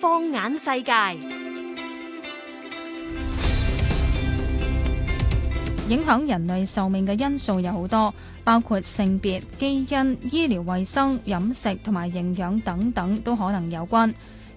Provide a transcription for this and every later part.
放眼世界，影響人類壽命嘅因素有好多，包括性別、基因、醫療衛生、飲食同埋營養等等，都可能有關。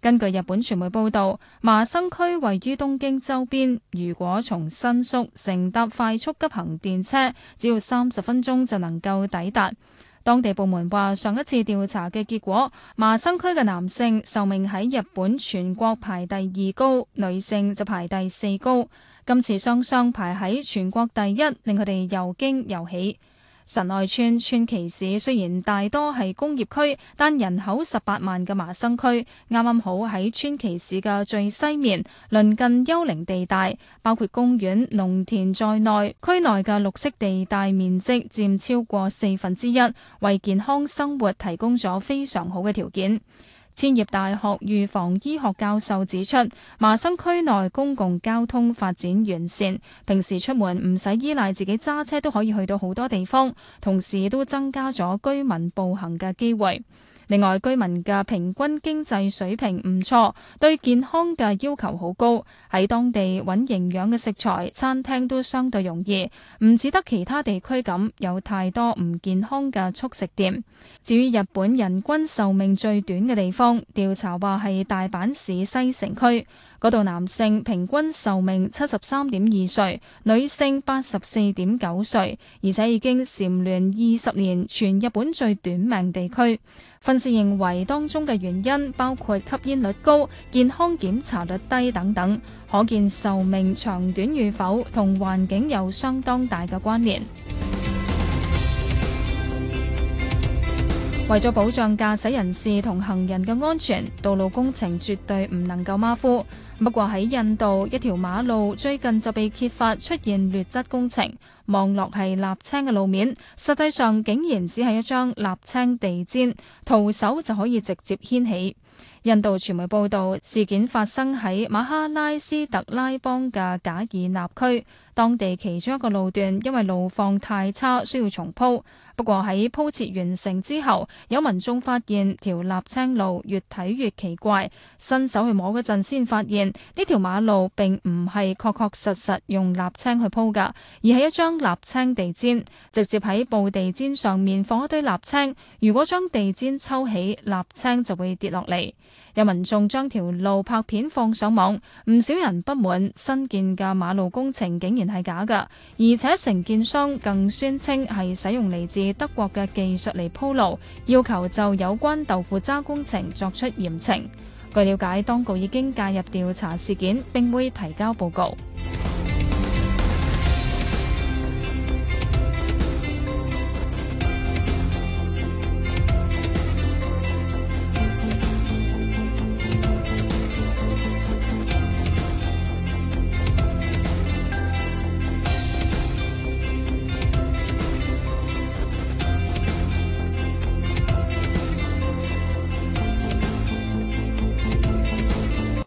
根據日本傳媒報道，麻生區位於東京周邊。如果從新宿乘搭快速急行電車，只要三十分鐘就能夠抵達。當地部門話，上一次調查嘅結果，麻生區嘅男性壽命喺日本全國排第二高，女性就排第四高。今次雙雙排喺全國第一，令佢哋又驚又喜。神奈川川崎市雖然大多係工業區，但人口十八萬嘅麻生區啱啱好喺川崎市嘅最西面，鄰近幽靈地帶，包括公園、農田在內，區內嘅綠色地帶面積佔超過四分之一，為健康生活提供咗非常好嘅條件。千葉大學預防醫學教授指出，麻生區內公共交通發展完善，平時出門唔使依賴自己揸車都可以去到好多地方，同時都增加咗居民步行嘅機會。另外，居民嘅平均經濟水平唔錯，對健康嘅要求好高，喺當地揾營養嘅食材餐廳都相對容易，唔似得其他地區咁有太多唔健康嘅速食店。至於日本人均壽命最短嘅地方，調查話係大阪市西成區。嗰度男性平均壽命七十三點二歲，女性八十四點九歲，而且已經蟬聯二十年全日本最短命地區。分析認為當中嘅原因包括吸煙率高、健康檢查率低等等，可見壽命長短與否同環境有相當大嘅關聯。為咗保障駕駛人士同行人嘅安全，道路工程絕對唔能夠馬虎。不過喺印度，一條馬路最近就被揭發出現劣質工程，望落係瀝青嘅路面，實際上竟然只係一張瀝青地氈，徒手就可以直接掀起。印度傳媒報道，事件發生喺馬哈拉斯特拉邦嘅賈爾納區，當地其中一個路段因為路況太差，需要重鋪。不過喺鋪設完成之後，有民眾發現條瀝青路越睇越奇怪，伸手去摸嗰陣，先發現呢條馬路並唔係確確實實用瀝青去鋪噶，而係一張瀝青地氈，直接喺布地氈上面放一堆瀝青。如果將地氈抽起，瀝青就會跌落嚟。有民眾將條路拍片放上網，唔少人不滿新建嘅馬路工程竟然係假㗎，而且承建商更宣稱係使用嚟自德國嘅技術嚟鋪路，要求就有關豆腐渣工程作出嚴懲。據了解，當局已經介入調查事件，並會提交報告。